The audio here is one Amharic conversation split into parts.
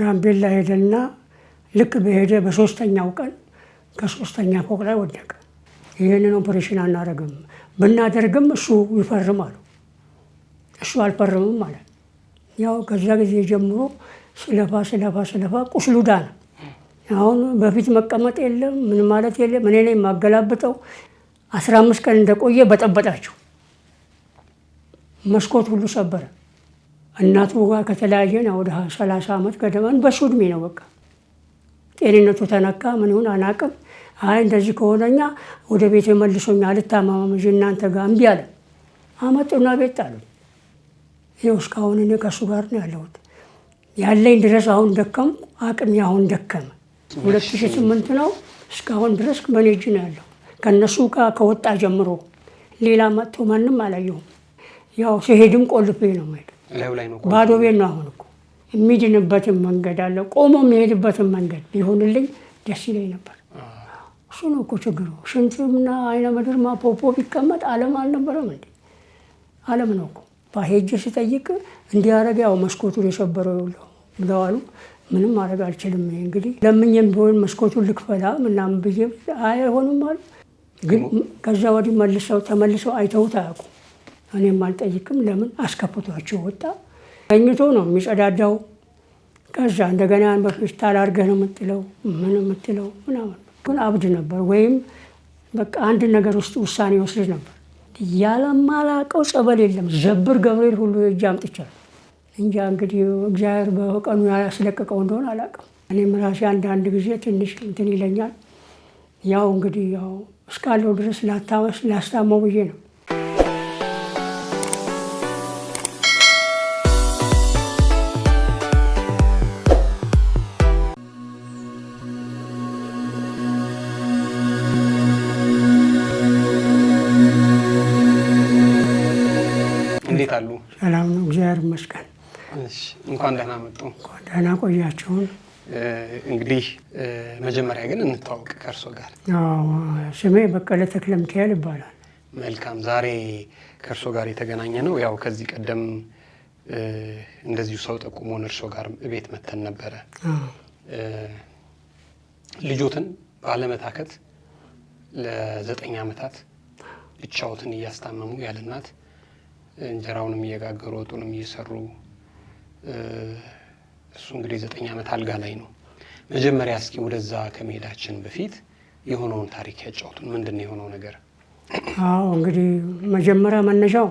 ጋምቤላ ሄደና ልክ በሄደ በሶስተኛው ቀን ከሶስተኛ ፎቅ ላይ ወደቀ። ይህንን ኦፕሬሽን አናደርግም፣ ብናደርግም እሱ ይፈርም አሉ። እሱ አልፈርምም ማለት ያው ከዛ ጊዜ ጀምሮ ስለፋ ስለፋ ስለፋ ቁስሉ ዳነ። አሁን በፊት መቀመጥ የለም ምን ማለት የለም። እኔ ነኝ የማገላብጠው። አስራ አምስት ቀን እንደቆየ በጠበጣቸው መስኮት ሁሉ ሰበረ። እናቱ ጋር ከተለያየን ወደ ሰላሳ ዓመት ገደማን በሱ እድሜ ነው። በቃ ጤንነቱ ተነካ ምን ይሁን አናቅም። አይ እንደዚህ ከሆነኛ ወደ ቤት መልሶኛ አልታማማም እንጂ እናንተ ጋር እምቢ አለ። አመጡና ቤት ጣሉኝ። ይኸው እስካሁን እኔ ከእሱ ጋር ነው ያለሁት። ያለኝ ድረስ አሁን ደከም አቅሜ አሁን ደከመ። ሁለት ሺህ ስምንት ነው እስካሁን ድረስ በእኔ እጅ ነው ያለው። ከእነሱ ጋር ከወጣ ጀምሮ ሌላ መጥቶ ማንም አላየሁም። ያው ሲሄድም ቆልፌ ነው የምሄድ ባዶ ቤት ነው አሁን እኮ የሚድንበትን መንገድ አለ። ቆሞ የሚሄድበትን መንገድ ቢሆንልኝ ደስ ይለኝ ነበር። እሱ ነው እኮ ችግሩ። ሽንትምና አይነ ምድር ማፖፖ ቢቀመጥ አለም አልነበረም እንዴ? አለም ነው እኮ ባሄጅ ስጠይቅ እንዲያረግ ያው መስኮቱን የሰበረው ብለዋሉ። ምንም ማድረግ አልችልም። እንግዲህ ለምኝም ቢሆን መስኮቱን ልክፈላ ምናምን ብዬ አይሆንም አሉ። ግን ከዛ ወዲህ መልሰው ተመልሰው አይተውት አያውቁም። እኔም አልጠይቅም። ለምን አስከፍቷቸው ወጣ። ተኝቶ ነው የሚጸዳዳው። ከዛ እንደገና በሽታ ላርገህ ነው የምትለው ምን የምትለው ምናምን። ግን አብድ ነበር ወይም በቃ አንድ ነገር ውስጥ ውሳኔ ወስድ ነበር። ያለማላቀው ጸበል የለም። ዘብር ገብርኤል ሁሉ እጅ አምጥቻለሁ። እንጃ እንግዲህ እግዚአብሔር በቀኑ ያስለቀቀው እንደሆነ አላውቅም። እኔም ራሴ አንዳንድ ጊዜ ትንሽ እንትን ይለኛል። ያው እንግዲህ ያው እስካለው ድረስ ላስታመው ብዬ ነው እንኳን ደህና መጡ። ደህና ቆያችሁን። እንግዲህ መጀመሪያ ግን እንተዋወቅ ከእርሶ ጋር። ስሜ በቀለ ተክለ ሚካኤል ይባላል። መልካም። ዛሬ ከእርሶ ጋር የተገናኘ ነው ያው ከዚህ ቀደም እንደዚሁ ሰው ጠቁሞን እርሶ ጋር ቤት መተን ነበረ። ልጆትን ባለመታከት ለዘጠኝ ዓመታት ብቻዎትን እያስታመሙ ያለናት እንጀራውንም እየጋገሩ ወጡንም እየሰሩ እሱ እንግዲህ ዘጠኝ ዓመት አልጋ ላይ ነው። መጀመሪያ እስኪ ወደዛ ከመሄዳችን በፊት የሆነውን ታሪክ ያጫውቱን። ምንድን ነው የሆነው ነገር? አዎ እንግዲህ መጀመሪያ መነሻው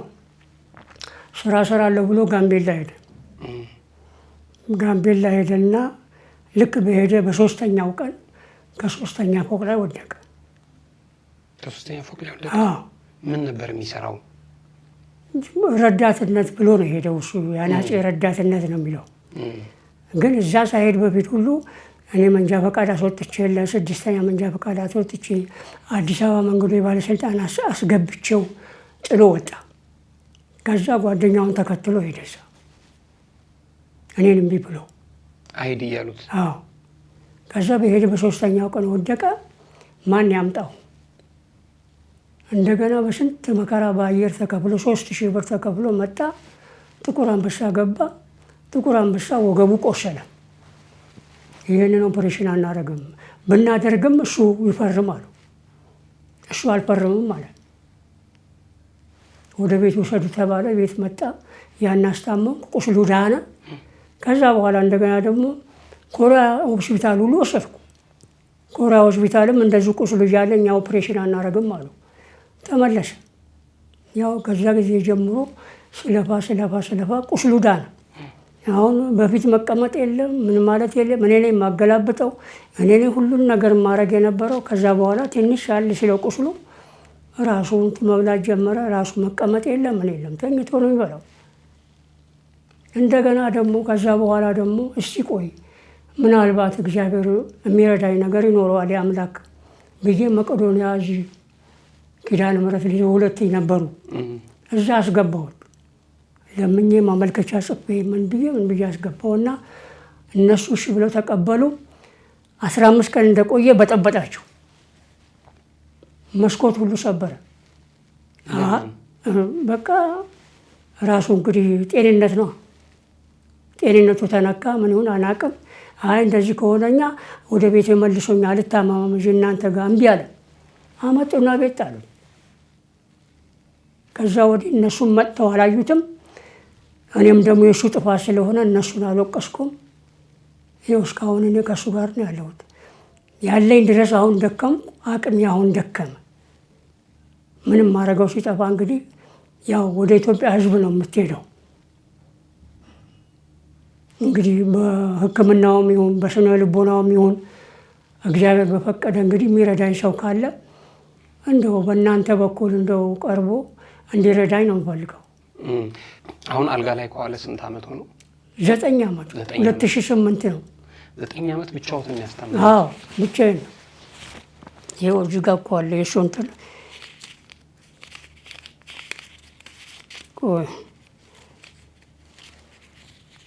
ስራ እሰራለሁ ብሎ ጋምቤላ ሄደ። ጋምቤላ ሄደና ልክ በሄደ በሶስተኛው ቀን ከሶስተኛ ፎቅ ላይ ወደቀ። ከሶስተኛ ፎቅ ላይ ወደቀ። ምን ነበር የሚሰራው? ረዳትነት ብሎ ነው የሄደው። እሱ የአናጺ ረዳትነት ነው የሚለው። ግን እዛ ሳይሄድ በፊት ሁሉ እኔ መንጃ ፈቃድ አስወጥቼ ለስድስተኛ መንጃ ፈቃድ አስወጥቼ አዲስ አበባ መንገዶ የባለስልጣን አስገብቼው ጥሎ ወጣ። ከዛ ጓደኛውን ተከትሎ ሄደ እዛ እኔን እምቢ ብሎ አይድ እያሉት። አዎ ከዛ በሄደ በሶስተኛው ቀን ወደቀ። ማን ያምጣው እንደገና በሽንት መከራ በአየር ተከፍሎ ሶስት ሺህ ብር ተከፍሎ መጣ። ጥቁር አንበሳ ገባ። ጥቁር አንበሳ ወገቡ ቆሰለ። ይህንን ኦፕሬሽን አናደርግም፣ ብናደርግም እሱ ይፈርም አሉ። እሱ አልፈርምም ማለት ወደ ቤት ውሰዱ ተባለ። ቤት መጣ። ያናስታመም ቁስሉ ዳነ። ከዛ በኋላ እንደገና ደግሞ ኮሪያ ሆስፒታል ሁሉ ወሰድኩ። ኮሪያ ሆስፒታልም እንደዚህ ቁስሉ እያለ እኛ ኦፕሬሽን አናደርግም አሉ። ተመለሰ። ያው ከዛ ጊዜ ጀምሮ ስለፋ ስለፋ ስለፋ ቁስሉ ዳነ። አሁን በፊት መቀመጥ የለም ምን ማለት የለም። እኔ ነኝ የማገላብጠው፣ እኔ ነኝ ሁሉን ነገር ማድረግ የነበረው። ከዛ በኋላ ትንሽ ያል ስለ ቁስሉ ራሱ መብላት ጀመረ። ራሱ መቀመጥ የለም ምን የለም፣ ተኝቶ ነው የሚበላው። እንደገና ደግሞ ከዛ በኋላ ደግሞ እስቲ ቆይ ምናልባት እግዚአብሔር የሚረዳኝ ነገር ይኖረዋል የአምላክ ብዬ መቄዶንያ ኪዳነ ምሕረት ልጅ ሁለት ነበሩ። እዛ አስገባውን ለምኜ ማመልከቻ ጽፌ ምን ብዬ ምን ብዬ አስገባውና እነሱ እሺ ብለው ተቀበሉ። አስራ አምስት ቀን እንደቆየ በጠበጣቸው መስኮት ሁሉ ሰበረ። በቃ ራሱ እንግዲህ ጤንነት ነው። ጤንነቱ ተነካ። ምን ይሁን አናቅም። አይ እንደዚህ ከሆነኛ ወደ ቤት መልሶኛ ልታማማም እናንተ ጋር እምቢ አለ። አመጡና ቤት ጣሉት። ከዛ ወዲህ እነሱም መጥተው አላዩትም። እኔም ደግሞ የእሱ ጥፋት ስለሆነ እነሱን አልወቀስኩም። ይኸው እስካሁን እኔ ከእሱ ጋር ነው ያለሁት። ያለኝ ድረስ አሁን ደከም አቅም አሁን ደከመ። ምንም ማድረገው ሲጠፋ እንግዲህ ያው ወደ ኢትዮጵያ ሕዝብ ነው የምትሄደው። እንግዲህ በሕክምናውም ይሁን በስነ ልቦናውም ይሁን እግዚአብሔር በፈቀደ እንግዲህ የሚረዳኝ ሰው ካለ እንደው በእናንተ በኩል እንደው ቀርቦ እንዲረዳኝ ነው እንፈልገው። አሁን አልጋ ላይ ከዋለ ስንት ዓመት ሆኖ? ዘጠኝ ዓመት ሁለት ሺህ ስምንት ነው። ዘጠኝ ዓመት ብቻውት ያስታምናል? አዎ ብቻዬን ነው። ይኸው እዚህ ጋር እኮ አለ የእሱ እንትን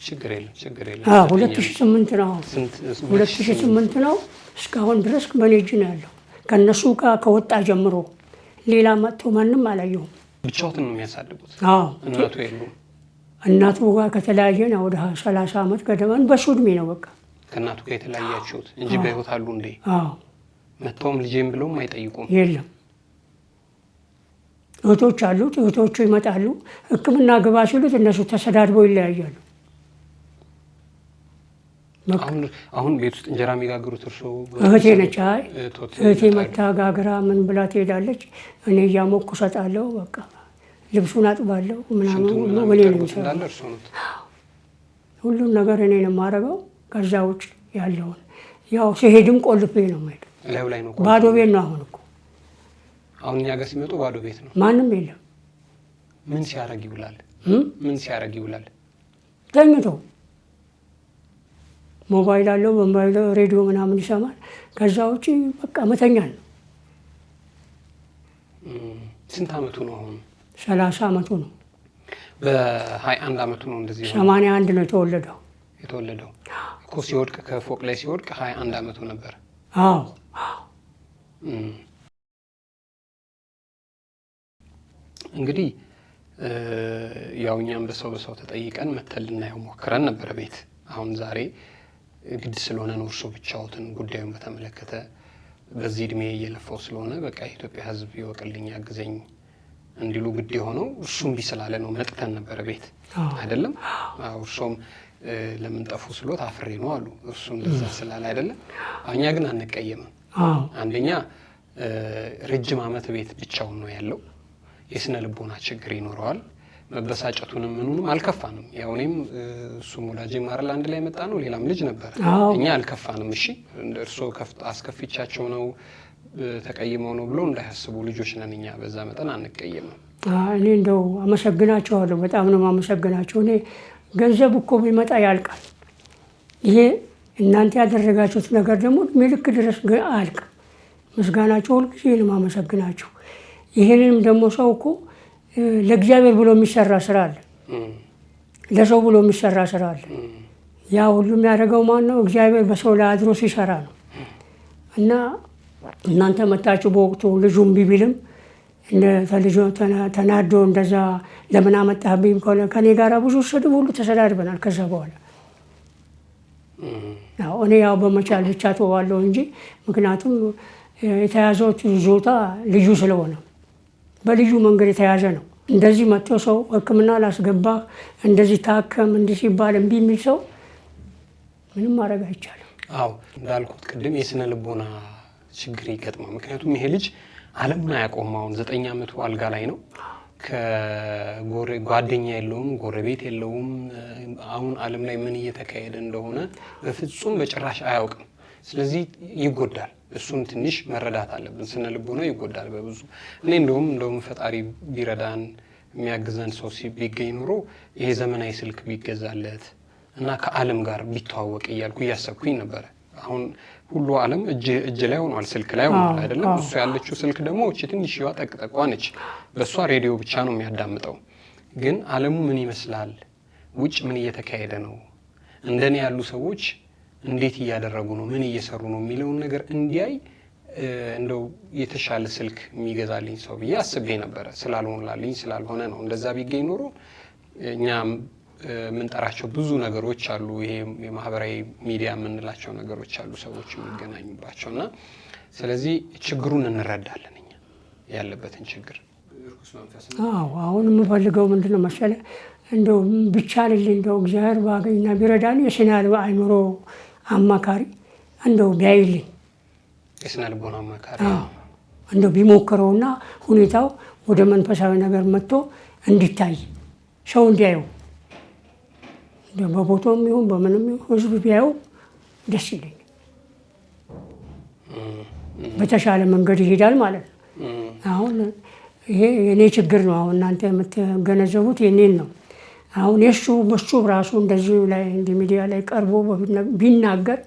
ችግር የለም ችግር የለም። ሁለት ሺህ ስምንት ነው ሁለት ሺህ ስምንት ነው። እስካሁን ድረስ መኔጅ ነው ያለው። ከእነሱ ጋር ከወጣ ጀምሮ ሌላ መጥቶ ማንም አላየሁም። ብቻዎትን ነው የሚያሳድጉት። እናቱ የሉም። እናቱ ጋር ከተለያየን ወደ ሰላሳ ዓመት ገደማን በሱ እድሜ ነው በቃ ከእናቱ ጋር የተለያያችሁት እንጂ በህይወት አሉ እንዴ? መጥተውም ልጄም ብለውም አይጠይቁም? የለም። እህቶች አሉት። እህቶቹ ይመጣሉ። ህክምና ግባ ሲሉት እነሱ ተሰዳድበው ይለያያሉ። አሁን ቤት ውስጥ እንጀራ የሚጋግሩት እርሶ እህቴ ነች። አይ እህቴ መታ ጋግራ ምን ብላ ትሄዳለች። እኔ እያሞኩ እሰጣለሁ በቃ ልብሱን አጥባለሁ ምናምን እኔ ነው ሁሉም ነገር እኔ ነው የማደርገው። ከዛ ውጭ ያለውን ያው ሲሄድም ቆልፌ ነው የምሄደው። ባዶ ቤት ነው አሁን እኮ አሁን እኛ ጋር ሲመጡ ባዶ ቤት ነው፣ ማንም የለም። ምን ሲያደርግ ይውላል? ምን ሲያደርግ ይውላል? ተኝቶ ሞባይል አለው በሞባይል ሬዲዮ ምናምን ይሰማል። ከዛ ውጭ በቃ መተኛል ነው። ስንት አመቱ ነው አሁን? ሰላሳ አመቱ ነው። በሀያ አንድ አመቱ ነው እንደዚህ ሰማንያ አንድ ነው የተወለደው የተወለደው እኮ ሲወድቅ ከፎቅ ላይ ሲወድቅ ሀያ አንድ አመቱ ነበር። አዎ እንግዲህ ያው እኛም በሰው በሰው ተጠይቀን መተን ያው ሞክረን ነበረ ቤት አሁን ዛሬ ግድ ስለሆነ ኖርሶ እርሶ ብቻዎትን ጉዳዩን በተመለከተ በዚህ እድሜ እየለፋው ስለሆነ በቃ የኢትዮጵያ ሕዝብ ይወቅልኝ፣ ያግዘኝ እንዲሉ ግድ የሆነው እሱ እምቢ ስላለ ነው። መጥተን ነበረ ቤት አይደለም። እርሶም ለምን ጠፉ ስሎት አፍሬ ነው አሉ። እሱ እንደዛ ስላለ አይደለም። እኛ ግን አንቀየምም። አንደኛ ረጅም ዓመት ቤት ብቻውን ነው ያለው። የስነ ልቦና ችግር ይኖረዋል። መበሳጨቱንም ምኑንም አልከፋንም። ያው እኔም እሱም ወዳጅ ማረል አንድ ላይ መጣ ነው። ሌላም ልጅ ነበረ። እኛ አልከፋንም። እሺ እርስዎ አስከፊቻቸው ነው ተቀይመው ነው ብሎ እንዳያስቡ ልጆች ነን እኛ በዛ መጠን አንቀይምም። እኔ እንደው አመሰግናቸዋለሁ፣ በጣም ነው አመሰግናቸው። እኔ ገንዘብ እኮ ቢመጣ ያልቃል። ይሄ እናንተ ያደረጋችሁት ነገር ደግሞ እድሜ ልክ ድረስ አያልቅም። ምስጋናቸው ሁልጊዜ ነው አመሰግናቸው። ይህንንም ደግሞ ሰው እኮ ለእግዚአብሔር ብሎ የሚሰራ ስራ አለ፣ ለሰው ብሎ የሚሰራ ስራ አለ። ያ ሁሉ የሚያደርገው ማን ነው? እግዚአብሔር በሰው ላይ አድሮ ሲሰራ ነው እና እናንተ መታችሁ በወቅቱ ልጁም ቢቢልም ተናዶ እንደዛ ለምን አመጣህብኝ ከሆነ ከኔ ጋር ብዙ ስድብ ሁሉ ተሰዳድበናል። ከዛ በኋላ እኔ ያው በመቻል ብቻ ተዋለው እንጂ ምክንያቱም የተያዘው ይዞታ ልዩ ስለሆነ በልዩ መንገድ የተያዘ ነው። እንደዚህ መጥቶ ሰው ሕክምና ላስገባህ እንደዚህ ታከም እንዲህ ሲባል እምቢ የሚል ሰው ምንም ማድረግ አይቻልም። አዎ እንዳልኩት ቅድም የስነ ልቦና ችግር ይገጥማል። ምክንያቱም ይሄ ልጅ ዓለምን አያቆም። አሁን ዘጠኝ ዓመቱ አልጋ ላይ ነው። ጓደኛ የለውም፣ ጎረቤት የለውም። አሁን ዓለም ላይ ምን እየተካሄደ እንደሆነ በፍጹም በጭራሽ አያውቅም። ስለዚህ ይጎዳል። እሱን ትንሽ መረዳት አለብን። ስነ ልቦና ይጎዳል በብዙ እኔ እንደውም እንደውም ፈጣሪ ቢረዳን የሚያግዘን ሰው ቢገኝ ኑሮ ይሄ ዘመናዊ ስልክ ቢገዛለት እና ከዓለም ጋር ቢተዋወቅ እያልኩ እያሰብኩኝ ነበረ አሁን ሁሉ ዓለም እጅ ላይ ሆኗል፣ ስልክ ላይ ሆኗል አይደለም። እሱ ያለችው ስልክ ደግሞ እቺ ይዋ ጠቅጠቋ ነች። በእሷ ሬዲዮ ብቻ ነው የሚያዳምጠው። ግን ዓለሙ ምን ይመስላል? ውጭ ምን እየተካሄደ ነው? እንደኔ ያሉ ሰዎች እንዴት እያደረጉ ነው? ምን እየሰሩ ነው? የሚለውን ነገር እንዲያይ እንደው የተሻለ ስልክ የሚገዛልኝ ሰው ብዬ አስቤ ነበረ። ስላልሆንላልኝ ስላልሆነ ነው። እንደዛ ቢገኝ ኖሮ እኛ የምንጠራቸው ብዙ ነገሮች አሉ። ይሄ የማህበራዊ ሚዲያ የምንላቸው ነገሮች አሉ ሰዎች የሚገናኙባቸው እና ስለዚህ ችግሩን እንረዳለን እኛ ያለበትን ችግር። አዎ አሁን የምፈልገው ምንድን ነው መሰለህ እንደው ብቻ ልል እንደው እግዚአብሔር ባገኝና ቢረዳን የስነ አእምሮ አማካሪ እንደው ቢያይልኝ የስነ ልቦና አማካሪ እንደው ቢሞክረውና ሁኔታው ወደ መንፈሳዊ ነገር መጥቶ እንዲታይ ሰው እንዲያየው በቦቶም ይሁን በምንም ይሁን ህዝብ ቢያየው ደስ ይለኛል። በተሻለ መንገድ ይሄዳል ማለት ነው። አሁን ይሄ የእኔ ችግር ነው። አሁን እናንተ የምትገነዘቡት የኔን ነው። አሁን የእሱ በሱ ራሱ እንደዚህ ላይ እንዲህ ሚዲያ ላይ ቀርቦ ቢናገር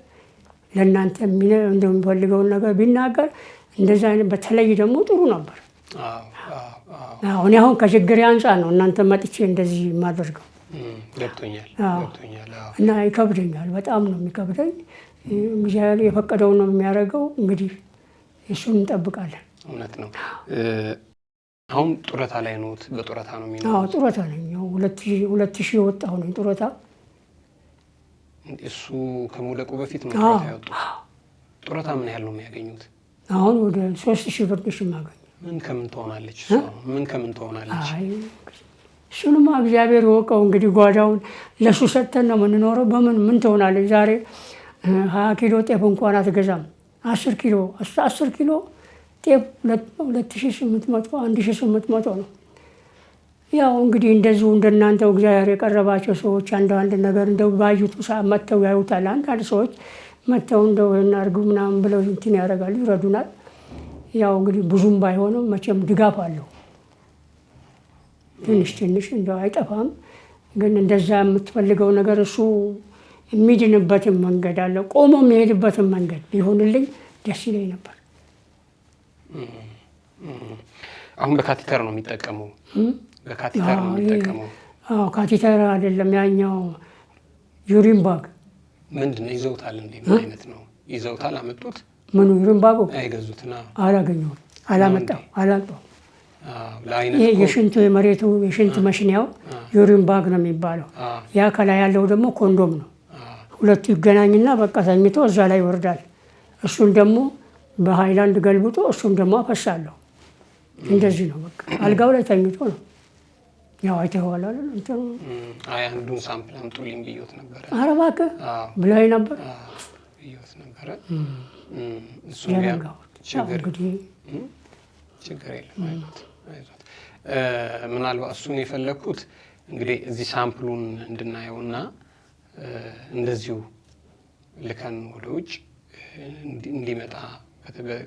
ለእናንተ እንደሚፈልገውን ነገር ቢናገር እንደዚ አይነት በተለይ ደግሞ ጥሩ ነበር። አሁን አሁን ከችግር አንጻር ነው እናንተ መጥቼ እንደዚህ የማደርገው። እና ይከብደኛል፣ በጣም ነው የሚከብደኝ። እግዚአብሔር የፈቀደው ነው የሚያደርገው። እንግዲህ እሱን እንጠብቃለን። እውነት ነው። አሁን ጡረታ ላይ ነት በጡረታ ነው የሚኖሩት? ጡረታ ነው ሁለት ሺህ የወጣሁ ነኝ ጡረታ። እሱ ከመውለቁ በፊት ነው ጡረታ ያወጡት? ጡረታ ምን ያህል ነው የሚያገኙት? አሁን ወደ ሶስት ሺህ ብር ነሽ የማገኘው። ምን ከምን ትሆናለች? ምን ከምን ትሆናለች? እሱንማ እግዚአብሔር ወቀው። እንግዲህ ጓዳውን ለሱ ሰጥተን ነው የምንኖረው። በምን ምን ትሆናለች ዛሬ? ሀያ ኪሎ ጤፍ እንኳን አትገዛም። አስር ኪሎ አስር ኪሎ ጤፍ ሁለት ሺ ስምንት መቶ አንድ ሺ ስምንት መቶ ነው። ያው እንግዲህ እንደዚሁ እንደናንተው እግዚአብሔር የቀረባቸው ሰዎች አንድ አንድ ነገር እንደው ባዩቱ ሰዓት መጥተው ያዩታል። አንዳንድ ሰዎች መጥተው እንደው እናርጉ ምናምን ብለው እንትን ያደርጋሉ፣ ይረዱናል። ያው እንግዲህ ብዙም ባይሆንም መቼም ድጋፍ አለው። ትንሽ ትንሽ እንደው አይጠፋም። ግን እንደዛ የምትፈልገው ነገር እሱ የሚድንበትን መንገድ አለ፣ ቆሞ የሚሄድበትን መንገድ ቢሆንልኝ ደስ ይለኝ ነበር። አሁን በካቴተር ነው የሚጠቀመው፣ በካቲተር ነው የሚጠቀመው። አዎ አይደለም ያኛው ዩሪን ባግ ምንድን ነው ይዘውታል? እንዴ ምን አይነት ነው ይዘውታል? አመጡት? ምኑ ዩሪን ባጉ አይገዙትና አላገኘሁም፣ አላመጣሁ፣ አላመጣሁ ይሄ የሽንቱ የመሬቱ የሽንት መሽንያው ዩሪን ባግ ነው የሚባለው። ያ ከላይ ያለው ደግሞ ኮንዶም ነው። ሁለቱ ይገናኝና በቃ ተኝቶ እዛ ላይ ይወርዳል። እሱን ደግሞ በሃይላንድ ገልብጦ እሱን ደግሞ አፈሳለሁ። እንደዚህ ነው በቃ አልጋው ላይ ተኝቶ ነው። ያው አይተኸዋል አይደል? እንትኑ አንዱን ሳምፕል አምጡልኝ ብዮት ነበረ። ኧረ እባክህ ብለኸኝ ነበር ብዮት ነበረ። እሱ ያ ችግር የለም ምናልባት እሱን የፈለግኩት እንግዲህ እዚህ ሳምፕሉን እንድናየው እንድናየውና እንደዚሁ ልከን ወደ ውጭ እንዲመጣ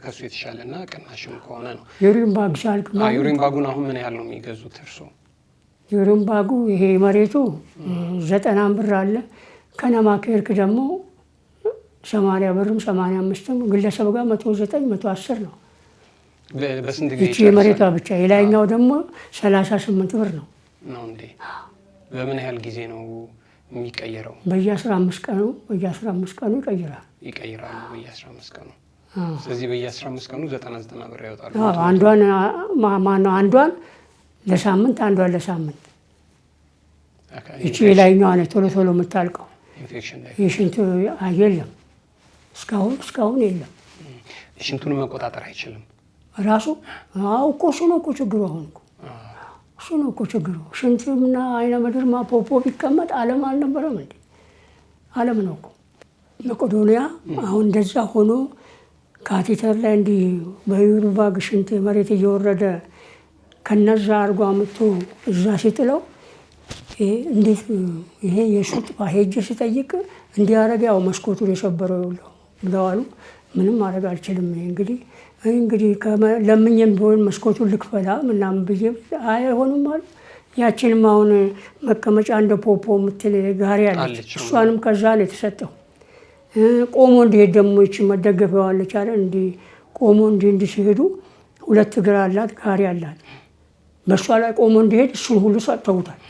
ከሱ የተሻለ የተሻለና ቅናሽም ከሆነ ነው። ዩሪን ሲያልቅ ዩሪን አሁን ምን ያህል ነው የሚገዙት እርሶ? ዩሪምባጉ ይሄ መሬቱ ዘጠና ብር አለ። ከነማ ከሄድክ ደግሞ ሰማንያ ብርም ሰማንያ አምስትም ግለሰብ ጋር መቶ ዘጠኝ መቶ አስር ነው ይቺ መሬቷ ብቻ የላይኛው ደግሞ ሰላሳ ስምንት ብር ነው። በምን ያህል ጊዜ ነው የሚቀየረው? በየአስራ አምስት ቀኑ በየአስራ አምስት ቀኑ ይቀይራል ይቀይራሉ። በየአስራ አምስት ቀኑ ስለዚህ በየአስራ አምስት ቀኑ ዘጠና ዘጠና ብር ያወጣሉ። አንዷን ማነው አንዷን ለሳምንት አንዷን ለሳምንት ይቺ የላይኛዋ ነች ቶሎ ቶሎ የምታልቀው። የሽንቱ የለም እስካሁን እስካሁን የለም። ሽንቱን መቆጣጠር አይችልም ራሱ አው እኮ እሱ ነው እኮ ችግሩ። አሁን እኮ እሱ ነው እኮ ችግሩ። ሽንትምና አይነ ምድር ማፖፖ ቢቀመጥ ዓለም አልነበረም እንዴ? ዓለም ነው እኮ መቄዶንያ። አሁን እንደዛ ሆኖ ካቴተር ላይ እንዲህ በዩሩባግ ሽንት መሬት እየወረደ ከነዛ አድርጎ አምጥቶ እዛ ሲጥለው እንዴት ይሄ የእሱ ባሄጅ ሲጠይቅ እንዲህ አደረገ። ያው መስኮቱን የሰበረው ብለዋሉ። ምንም ማድረግ አልችልም እንግዲህ እንግዲህ ለምኝም ቢሆን መስኮቱን ልክፈላ ምናምን ብዬ አይሆንም አሉ። ያችንም አሁን መቀመጫ እንደ ፖፖ የምትል ጋሪ አለች። እሷንም ከዛ ነው የተሰጠው። ቆሞ እንዲሄድ ደግሞ ይች መደገፊያዋ አለ። ቆሞ እንዲ እንዲህ ሲሄዱ ሁለት እግር አላት፣ ጋሪ አላት። በእሷ ላይ ቆሞ እንዲሄድ እሱን ሁሉ ሰጥተውታል።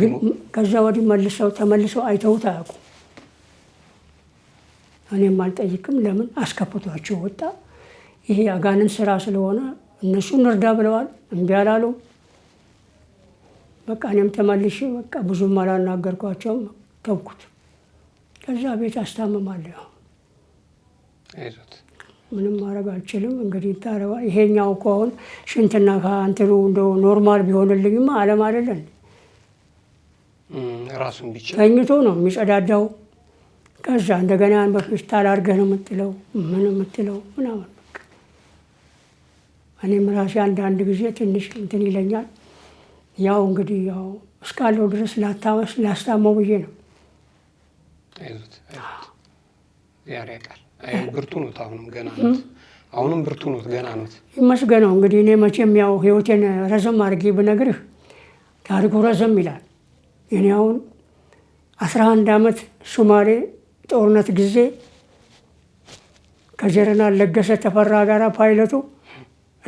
ግን ከዛ ወዲህ መልሰው ተመልሰው አይተውት አያውቁም። እኔም አልጠይቅም። ለምን አስከፍቷቸው ወጣ። ይሄ አጋንን ስራ ስለሆነ እነሱ እርዳ ብለዋል፣ እምቢ አላሉ። በቃ እኔም ተመልሼ በቃ ብዙም አላናገርኳቸውም፣ ተውኩት። ከዛ ቤት አስታምማለሁ። ምንም ማድረግ አልችልም። እንግዲህ ታረባ ይሄኛው ከሆን ሽንትና ከአንትኑ እንደ ኖርማል ቢሆንልኝማ አለም አይደለን ተኝቶ ነው የሚጸዳዳው ከዛ እንደገና ያን በፌስታል አድርገህ ነው የምትለው ምን የምትለው ምናምን። እኔም ራሴ አንዳንድ ጊዜ ትንሽ እንትን ይለኛል። ያው እንግዲህ ያው እስካለው ድረስ ላታመስ ላስታመው ብዬ ነው። ብርቱ አሁንም ገና አሁንም ብርቱ ገና ይመስገነው እንግዲህ እኔ መቼም ያው ህይወቴን ረዘም አድርጌ ብነግርህ ታሪኩ ረዘም ይላል። እኔ አሁን አስራ አንድ አመት ሱማሌ ጦርነት ጊዜ ከጀረና ለገሰ ተፈራ ጋር ፓይለቱ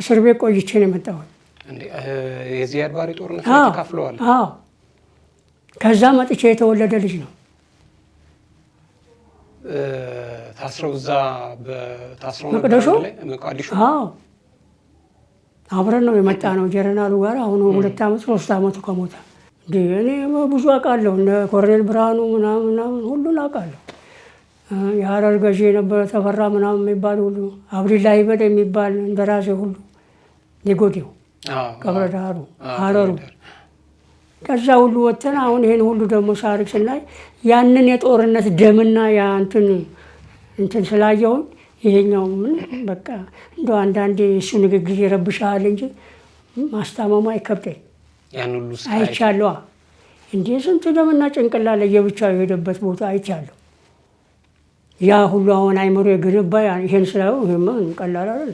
እስር ቤት ቆይቼ ነው የመጣሁት። የዚያድ ባሬ ጦርነት ተካፍለዋል። ከዛ መጥቼ የተወለደ ልጅ ነው። ታስረው እዛ ታስረው አብረን ነው የመጣ ነው ጀረናሉ ጋር አሁኑ ሁለት ዓመት ሶስት ዓመቱ ከሞተ እኔ ብዙ አውቃለሁ። እነ ኮሎኔል ብርሃኑ ምናምን ሁሉን አውቃለሁ። የሀረር ገዢ የነበረ ተፈራ ምናምን የሚባል ሁሉ አብዲላ ይበል የሚባል እንደራሴ ሁሉ የጎዴው ቀብረ ዳሩ ሀረሩ ከዛ ሁሉ ወጥተን አሁን ይህን ሁሉ ደግሞ ሳሪክ ስናይ ያንን የጦርነት ደምና ያንትን እንትን ስላየውን ይሄኛው ምን በቃ እንደ አንዳንዴ እሱ ንግግር ይረብሻል እንጂ ማስታመሙ አይከብደኝ። አይቻለዋ እንዲህ ስንት ደምና ጭንቅላ ለየብቻው የሄደበት ቦታ አይቻለሁ። ያ ሁሉ አሁን አይምሮ የገነባ ይሄን ስላው ይሄማ ቀላል አይደል፣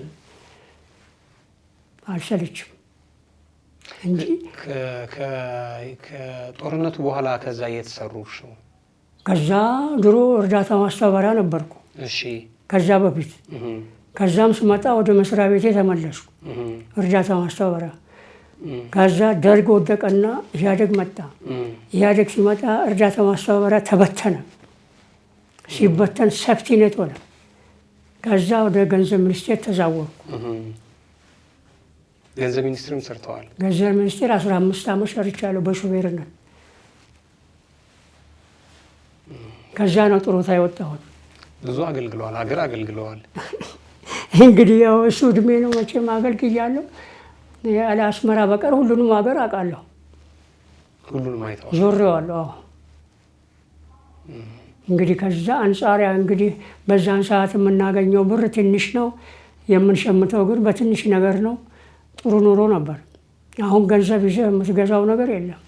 አልሰለችም እንጂ ከጦርነቱ በኋላ ከዛ እየተሰሩ ከዛ ድሮ እርዳታ ማስተባበሪያ ነበርኩ። እሺ፣ ከዛ በፊት ከዛም ስመጣ ወደ መስሪያ ቤቴ ተመለስኩ፣ እርዳታ ማስተባበሪያ። ከዛ ደርግ ወደቀና ኢህአዴግ መጣ። ኢህአዴግ ሲመጣ እርዳታ ማስተባበሪያ ተበተነ። ሲበተን ሰፍቲነት ሆነ። ከዛ ወደ ገንዘብ ሚኒስቴር ተዛወርኩ። ገንዘብ ሚኒስቴርም ሰርተዋል። ገንዘብ ሚኒስቴር አስራ አምስት ዓመት ሰርቻለሁ በሹፌርነት። ከዛ ነው ጥሮታ የወጣሁት። ብዙ አገልግለዋል፣ አገር አገልግለዋል። እንግዲህ ያው እሱ እድሜ ነው መቼም አገልግያለሁ። ያለ አስመራ በቀር ሁሉንም ሀገር አውቃለሁ፣ ሁሉንም አይተዋል፣ ዞሬዋለሁ። አዎ እንግዲህ ከዛ አንጻር እንግዲህ በዛን ሰዓት የምናገኘው ብር ትንሽ ነው። የምንሸምተው ግን በትንሽ ነገር ነው። ጥሩ ኑሮ ነበር። አሁን ገንዘብ ይዘህ የምትገዛው ነገር የለም።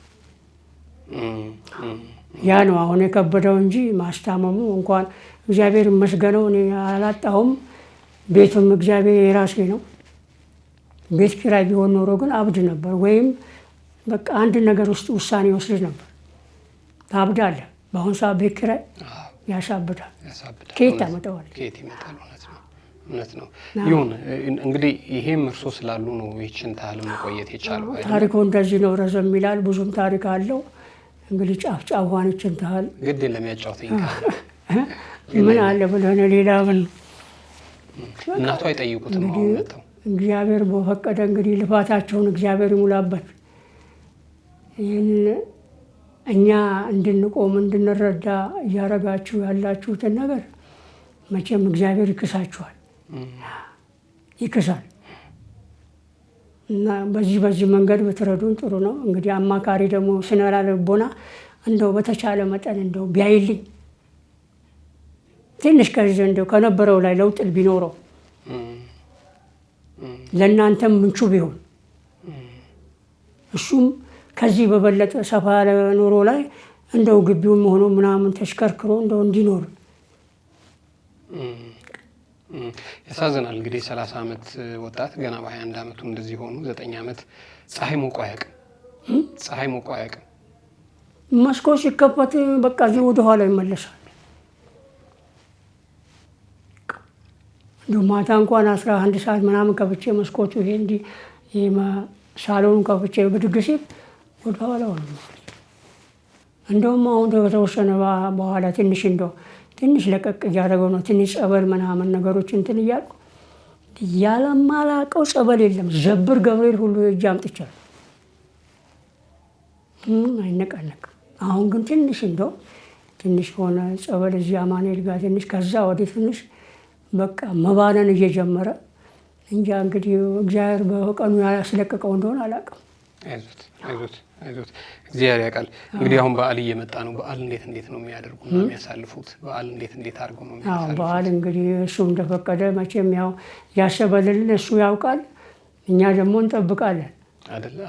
ያ ነው አሁን የከበደው እንጂ ማስታመሙ እንኳን እግዚአብሔር ይመስገነው እኔ አላጣሁም። ቤቱም እግዚአብሔር የራሴ ነው። ቤት ኪራይ ቢሆን ኖሮ ግን አብድ ነበር፣ ወይም በቃ አንድ ነገር ውስጥ ውሳኔ ወስድ ነበር። ታብዳለህ በአሁኑ ሰዓት ቤት ኪራይ ያሳብዳል። ከየት ያመጣዋል? ከየት ይመጣል? እውነት ነው እውነት ነው። ይሁን እንግዲህ ይሄም እርሶ ስላሉ ነው ይችን ታህል መቆየት የቻለው። ታሪኩ እንደዚህ ነው፣ ረዘም ይላል፣ ብዙም ታሪክ አለው። እንግዲህ ጫፍ ጫፏን ታህል ግድ ለሚያጫውተኝ ምን አለ ብለህ ሌላ ምን እናቱ አይጠይቁትም። እግዚአብሔር በፈቀደ እንግዲህ ልፋታቸውን እግዚአብሔር ይሙላበት ይህን እኛ እንድንቆም እንድንረዳ እያረጋችሁ ያላችሁትን ነገር መቼም እግዚአብሔር ይክሳችኋል፣ ይክሳል። እና በዚህ በዚህ መንገድ ብትረዱን ጥሩ ነው። እንግዲህ አማካሪ ደግሞ ስነላ ልቦና እንደው በተቻለ መጠን እንደው ቢያይልኝ ትንሽ ከዚህ እንደው ከነበረው ላይ ለውጥ ቢኖረው ለእናንተም ምንቹ ቢሆን እሱም ከዚህ በበለጠ ሰፋ ያለ ኑሮ ላይ እንደው ግቢውም ሆኖ ምናምን ተሽከርክሮ እንደው እንዲኖር ያሳዝናል። እንግዲህ ሰላሳ ዓመት ወጣት ገና በሀያ አንድ ዓመቱ እንደዚህ ሆኑ ዘጠኝ ዓመት ፀሐይ ሞቆ አያውቅም። ፀሐይ ሞቆ አያውቅም። መስኮት ሲከፈት በቃ እዚህ ወደኋላ ይመለሳል። እንዲሁ ማታ እንኳን አስራ አንድ ሰዓት ምናምን ከፍቼ መስኮቱ ይሄ እንዲህ ሳሎኑን ከፍቼ ብድግ ሲል ወደኋላ ሆነ። እንደውም አሁን በተወሰነ በኋላ ትንሽ እንደው ትንሽ ለቀቅ እያደረገው ነው። ትንሽ ጸበል ምናምን ነገሮች እንትን እያልኩ ያለማላቀው ጸበል የለም። ዘብር ገብርኤል ሁሉ እጅ አምጥቻለሁ። አይነቃነቅ አሁን ግን ትንሽ እንደው ትንሽ ከሆነ ጸበል እዚህ አማኑኤል ጋር ትንሽ ከዛ ወዲህ ትንሽ በቃ መባነን እየጀመረ እንጃ እንግዲህ እግዚአብሔር በቀኑ ያስለቀቀው እንደሆነ አላውቅም። አይዞት አይዞት፣ እግዚአብሔር ያውቃል። እንግዲህ አሁን በዓል እየመጣ ነው። በዓል እንዴት እንዴት ነው የሚያደርጉ ነው የሚያሳልፉት? በዓል እንዴት እንዴት አድርጎ ነው የሚያሳልፉት? በዓል እንግዲህ እሱ እንደፈቀደ መቼም ያው ያሰበልን እሱ ያውቃል፣ እኛ ደግሞ እንጠብቃለን አይደለ?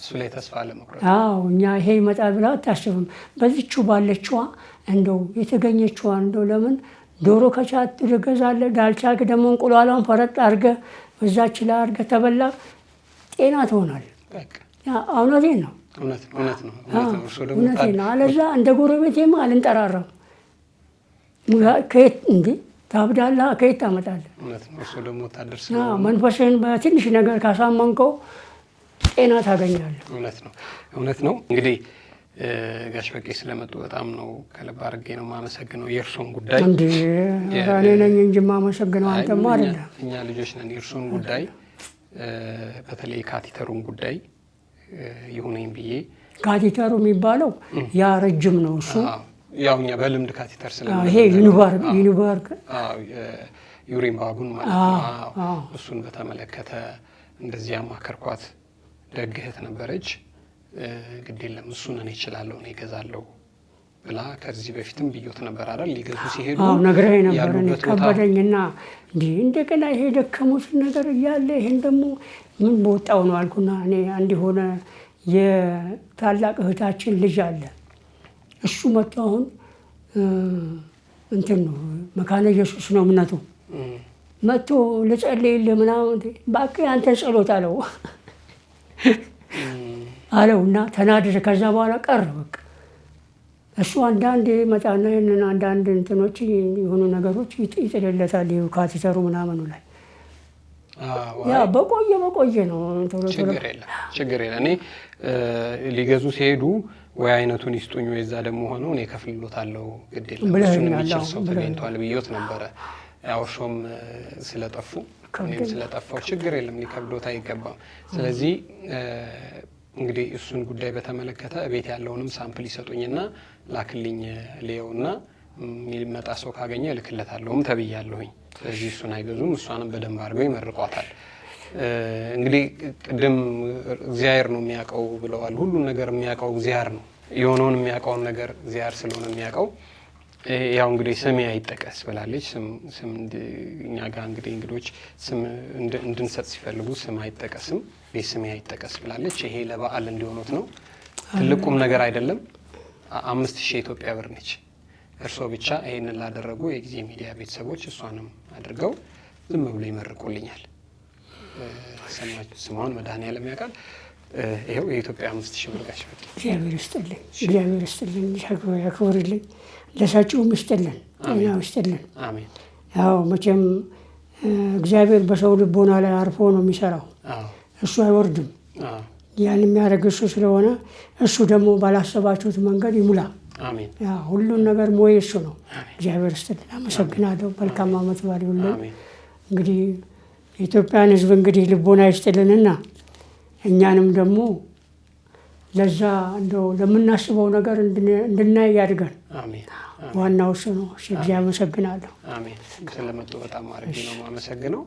እሱ ላይ ተስፋ ለመቁረጥ አዎ፣ እኛ ይሄ ይመጣል ብላ አታስብም። በዚችው ባለችዋ እንደው የተገኘችዋ እንደው ለምን ዶሮ ከቻት ትገዛለህ፣ ዳልቻ ደግሞ እንቁላሏን ፈረጥ አድርገህ እዛች ላይ አድርገህ ተበላ ጤና ትሆናል። እውነቴን ነው። እውነቴን ነው። አለዛ እንደ ጎረቤቴም አልንጠራራም። ከየት እንዲ ታብዳለህ፣ ከየት ታመጣለህ? መንፈስህን በትንሽ ነገር ካሳመንከው ጤና ታገኛለህ። እውነት ነው፣ እውነት ነው። እንግዲህ ጋሽ በቄ ስለመጡ በጣም ነው ከልብ አድርጌ ነው የማመሰግነው። የእርሶን ጉዳይ እኔ ነኝ እንጂ የማመሰግነው አንተማ አይደለም። እኛ ልጆች ነን። የእርሶን ጉዳይ በተለይ ካቴተሩን ጉዳይ ይሁነኝ ብዬ ካቴተሩ የሚባለው ያ ረጅም ነው። እሱ ያው እኛ በልምድ ካቴተር ስለይሄ ዩሪን ባጉን ማለት ነው። እሱን በተመለከተ እንደዚህ አማከርኳት። ደግ እህት ነበረች። ግድ የለም እሱን እኔ እችላለሁ እኔ እገዛለሁ ብላ ከዚህ በፊትም ብዮት ነበር አይደል? ሊገዙ ሲሄዱ ነግረህ ነበር። ከበደኝና እንዲህ እንደገና ይሄ ደከሙትን ነገር እያለ ይሄን ደግሞ ምን በወጣው ነው አልኩና እኔ እንዲሆነ የታላቅ እህታችን ልጅ አለ እሱ መጥቶ አሁን እንትን ነው መካነ ኢየሱስ ነው እምነቱ መጥቶ ልጸልይልህ ምናምን እባክህ አንተን ጸሎት አለው አለው እና ተናደደ። ከዛ በኋላ ቀረ በቃ እሱ አንዳንድ መጣና ይንን አንዳንድ እንትኖች የሆኑ ነገሮች ይጥልለታል ካቴተሩ ምናምኑ ላይ ያ በቆየ በቆየ ነው። ችግር የለ እኔ ሊገዙ ሲሄዱ ወይ አይነቱን ይስጡኝ ወይ እዛ ደግሞ ሆነው እኔ ከፍልሎታለሁ ግድ የለም እሱን የሚችል ሰው ተገኝተዋል ብዮት ነበረ። ያው እርሶም ስለጠፉ እኔም ስለጠፋው ችግር የለም ሊከብዶት አይገባም። ስለዚህ እንግዲህ እሱን ጉዳይ በተመለከተ እቤት ያለውንም ሳምፕል ይሰጡኝና ላክልኝ ልየው እና የሚመጣ ሰው ካገኘ እልክለታለሁም ተብያለሁኝ። ስለዚህ እሱን አይገዙም። እሷንም በደንብ አድርገው ይመርቋታል። እንግዲህ ቅድም እግዚአብሔር ነው የሚያውቀው ብለዋል። ሁሉም ነገር የሚያውቀው እግዚአብሔር ነው። የሆነውን የሚያውቀውን ነገር እግዚአብሔር ስለሆነ የሚያውቀው ያው እንግዲህ ስሜ አይጠቀስ ብላለች። ስም እኛ ጋር እንግዲህ እንግዶች ስም እንድንሰጥ ሲፈልጉ ስም አይጠቀስም፣ ቤት ስሜ አይጠቀስ ብላለች። ይሄ ለበዓል እንዲሆኑት ነው። ትልቁም ነገር አይደለም። አምስት ሺህ ኢትዮጵያ ብር ነች። እርስዎ ብቻ ይህንን ላደረጉ የጊዜ ሚዲያ ቤተሰቦች እሷንም አድርገው ዝም ብሎ ይመርቁልኛል። ስማሁን መድኃኔዓለም ያውቃል። ይኸው የኢትዮጵያ አምስት ሺህ ብር ጋሽ በቃ እግዚአብሔር ይስጥልኝ፣ እግዚአብሔር ይስጥልኝ፣ ለሳጭውም ይስጥልን፣ ይስጥልን። ያው መቼም እግዚአብሔር በሰው ልቦና ላይ አርፎ ነው የሚሰራው፣ እሱ አይወርድም። ያን የሚያደርግ እሱ ስለሆነ እሱ ደግሞ ባላሰባችሁት መንገድ ይሙላ። ሁሉን ነገር ሞይ እሱ ነው። እግዚአብሔር ይስጥልን። አመሰግናለሁ። መልካም ዓመት በዓል ሁሉ እንግዲህ የኢትዮጵያን ሕዝብ እንግዲህ ልቦና ይስጥልንና እኛንም ደግሞ ለዛ እንደው ለምናስበው ነገር እንድናይ ያድገን። ዋናው እሱ ነው። እግዚአብሔር አመሰግናለሁ። አሜን። ስለመጡ በጣም አድርጌ ነው አመሰግነው።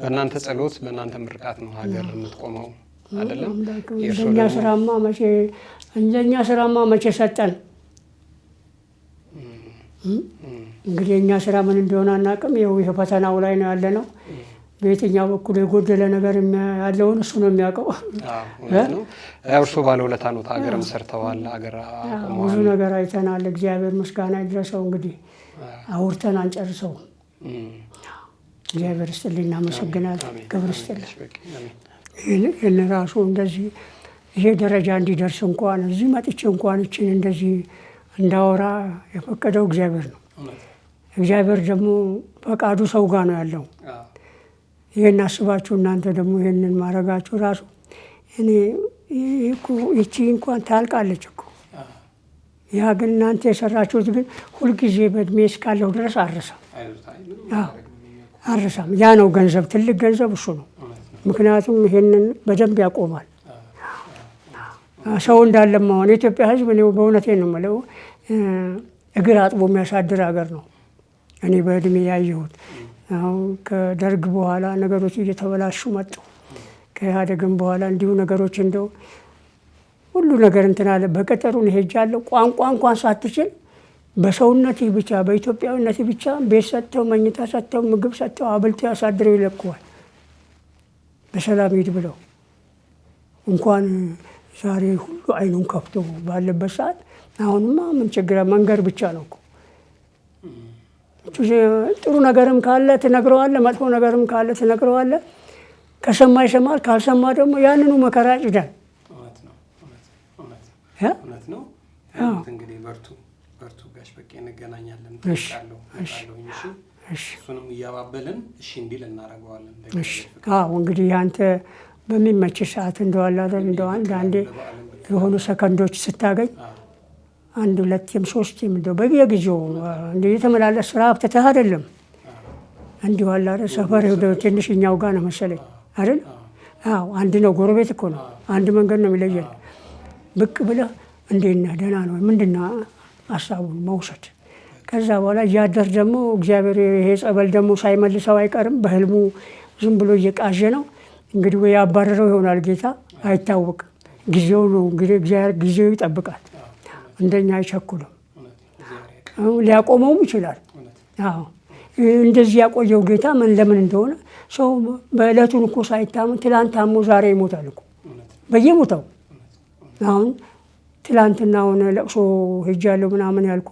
በእናንተ ጸሎት፣ በእናንተ ምርቃት ነው ሀገር የምትቆመው። አይደለም። እንደኛ ስራማ መቼ እንደኛ ስራማ መቼ ሰጠን። እንግዲህ እኛ ስራ ምን እንደሆነ አናውቅም። ይኸው ይህ ፈተናው ላይ ነው ያለ ነው። በየትኛው በኩል የጎደለ ነገር ያለውን እሱ ነው የሚያውቀው። እርሱ ባለውለታ ነው። ሀገርም ሰርተዋል፣ ሀገር ብዙ ነገር አይተናል። እግዚአብሔር ምስጋና ይድረሰው። እንግዲህ አውርተን አንጨርሰውም። እግዚአብሔር ስጥልኝ፣ እናመሰግናለን። ክብር ስጥልኝ። ይህን ራሱ እንደዚህ ይሄ ደረጃ እንዲደርስ እንኳን እዚህ መጥቼ እንኳን እችን እንደዚህ እንዳወራ የፈቀደው እግዚአብሔር ነው። እግዚአብሔር ደግሞ ፈቃዱ ሰው ጋር ነው ያለው። ይህን አስባችሁ እናንተ ደግሞ ይህንን ማድረጋችሁ ራሱ እኔ ይቺ እንኳን ታልቃለች እኮ ያ ግን እናንተ የሰራችሁት ግን ሁልጊዜ በእድሜ እስካለሁ ድረስ አረሳም አረሳም። ያ ነው ገንዘብ፣ ትልቅ ገንዘብ እሱ ነው። ምክንያቱም ይሄንን በደንብ ያቆማል። ሰው እንዳለ መሆን የኢትዮጵያ ሕዝብ እኔ በእውነቴ ነው የምለው እግር አጥቦ የሚያሳድር ሀገር ነው። እኔ በእድሜ ያየሁት ከደርግ በኋላ ነገሮች እየተበላሹ መጡ። ከኢህአዴግም በኋላ እንዲሁ ነገሮች እንደው ሁሉ ነገር እንትን አለ። በቀጠሩን ሄጃለሁ። ቋንቋ እንኳን ሳትችል በሰውነት ብቻ በኢትዮጵያዊነት ብቻ ቤት ሰጥተው መኝታ ሰጥተው ምግብ ሰጥተው አብልተው ያሳድረው ይለቀዋል። በሰላም ሂድ ብለው እንኳን ዛሬ ሁሉ አይኑን ከፍቶ ባለበት ሰዓት አሁንማ ምን ችግር መንገድ ብቻ ነው እኮ። ጥሩ ነገርም ካለ ትነግረዋለ፣ መጥፎ ነገርም ካለ ትነግረዋለ ከሰማ ይሰማል፣ ካልሰማ ደግሞ ያንኑ መከራ ጭዳል። እውነት ነው። እንግዲህ በርቱ በርቱ። ጋሽ በቄ እንገናኛለን። እሱንም እያባበልን እሺ እንዲል እናደርገዋለን። እንግዲህ አንተ በሚመች ሰዓት እንደዋላ እንደው አንድ የሆኑ ሰከንዶች ስታገኝ አንድ ሁለትም ሶስትም እንደው በየጊዜው እንደ የተመላለስ ስራ አብትተህ አይደለም እንዲሁ ሰፈር ትንሽ እኛው ጋር ነው መሰለኝ አይደል? አዎ አንድ ነው፣ ጎረቤት እኮ ነው። አንድ መንገድ ነው የሚለየን። ብቅ ብለህ እንዴት ነህ፣ ደህና ነው፣ ምንድን ነው ሀሳቡን መውሰድ ከዛ በኋላ እያደር ደግሞ እግዚአብሔር ይሄ ጸበል ደግሞ ሳይመልሰው አይቀርም። በህልሙ ዝም ብሎ እየቃዠ ነው እንግዲህ ወይ ያባረረው ይሆናል ጌታ አይታወቅም። ጊዜው ነው እንግዲህ እግዚአብሔር ጊዜው ይጠብቃል። እንደኛ አይቸኩልም። ሊያቆመውም ይችላል። እንደዚህ ያቆየው ጌታ ምን ለምን እንደሆነ ሰው በእለቱን እኮ ሳይታመ ትላንት አሞ ዛሬ ይሞታል እኮ በየቦታው አሁን ትላንትና ሆነ ለቅሶ ሄጃለሁ ምናምን ያልኩ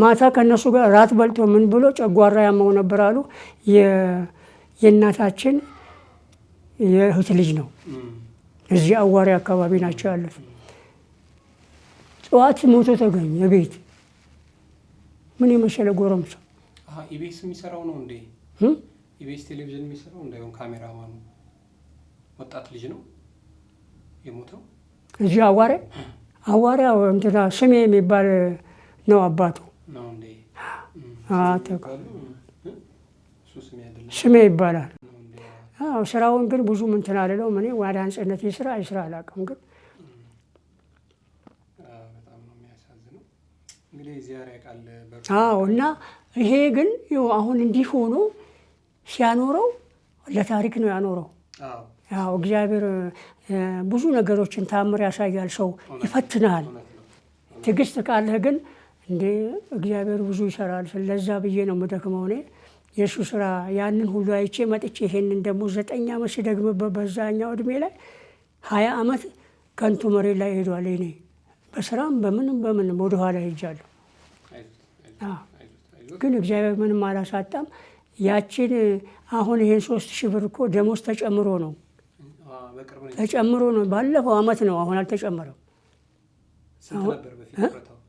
ማታ ከእነሱ ጋር ራት በልቶ ምን ብሎ ጨጓራ ያመው ነበር አሉ። የእናታችን የእህት ልጅ ነው። እዚህ አዋሪ አካባቢ ናቸው ያሉት። ጠዋት ሞቶ ተገኘ። የቤት ምን የመሰለ ጎረምሳ ኢቤስ የሚሰራው ነው እንዴ? ኢቤስ ቴሌቪዥን የሚሰራው እንዳይሆን ካሜራማኑ ወጣት ልጅ ነው የሞተው። እዚህ አዋሪ አዋሪ እንትና ስሜ የሚባል ነው አባቱ ስሜ ይባላል። አዎ ስራውን ግን ብዙ እንትን አልለውም። እኔ ዋዳ አንጽነት ይስራ ይስራ አላውቅም። ግን አዎ እና ይሄ ግን አሁን እንዲህ ሆኖ ሲያኖረው ለታሪክ ነው ያኖረው። ያው እግዚአብሔር ብዙ ነገሮችን ታምር ያሳያል። ሰው ይፈትናል። ትዕግስት ካለህ ግን እንዴ እግዚአብሔር ብዙ ይሰራል። ስለዛ ብዬ ነው የምደክመው እኔ የእሱ ስራ ያንን ሁሉ አይቼ መጥቼ ይሄንን ደግሞ ዘጠኝ ዓመት ሲደግምበት በዛኛው እድሜ ላይ ሀያ ዓመት ከንቱ መሬት ላይ ሄዷል። እኔ በስራም በምንም በምንም ወደኋላ ሄጃለሁ። ግን እግዚአብሔር ምንም አላሳጣም። ያችን አሁን ይሄን ሶስት ሺህ ብር እኮ ደሞዝ ተጨምሮ ነው ተጨምሮ ነው ባለፈው አመት ነው። አሁን አልተጨመረም።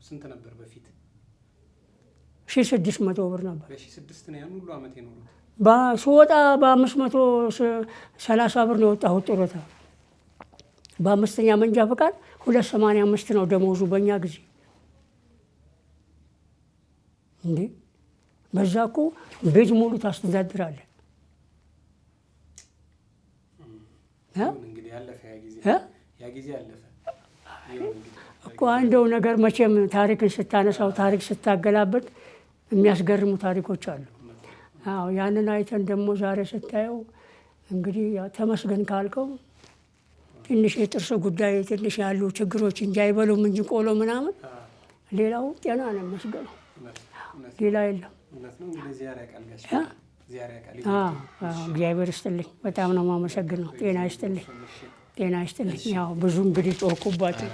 ስንት ነበር በፊት? ሺህ ስድስት መቶ ብር ነበር። ስወጣ በአምስት መቶ ሰላሳ ብር ነው የወጣሁት ጡረታ። በአምስተኛ መንጃ ፈቃድ ሁለት ሰማንያ አምስት ነው ደመወዙ በእኛ ጊዜ። እንዴ በዛ እኮ ቤት ሙሉ ታስተዳድራለ እኮ አንደው ነገር መቼም ታሪክን ስታነሳው ታሪክ ስታገላበት የሚያስገርሙ ታሪኮች አሉ። አዎ ያንን አይተን ደግሞ ዛሬ ስታየው እንግዲህ ተመስገን ካልከው ትንሽ የጥርስ ጉዳይ ትንሽ ያሉ ችግሮች እንጂ አይበሉም እንጂ ቆሎ ምናምን፣ ሌላው ጤና ነው መስገኑ፣ ሌላ የለም። እግዚአብሔር ይስጥልኝ፣ በጣም ነው የማመሰግነው። ጤና ይስጥልኝ፣ ጤና ይስጥልኝ። ያው ብዙ እንግዲህ ጮኩባቸው።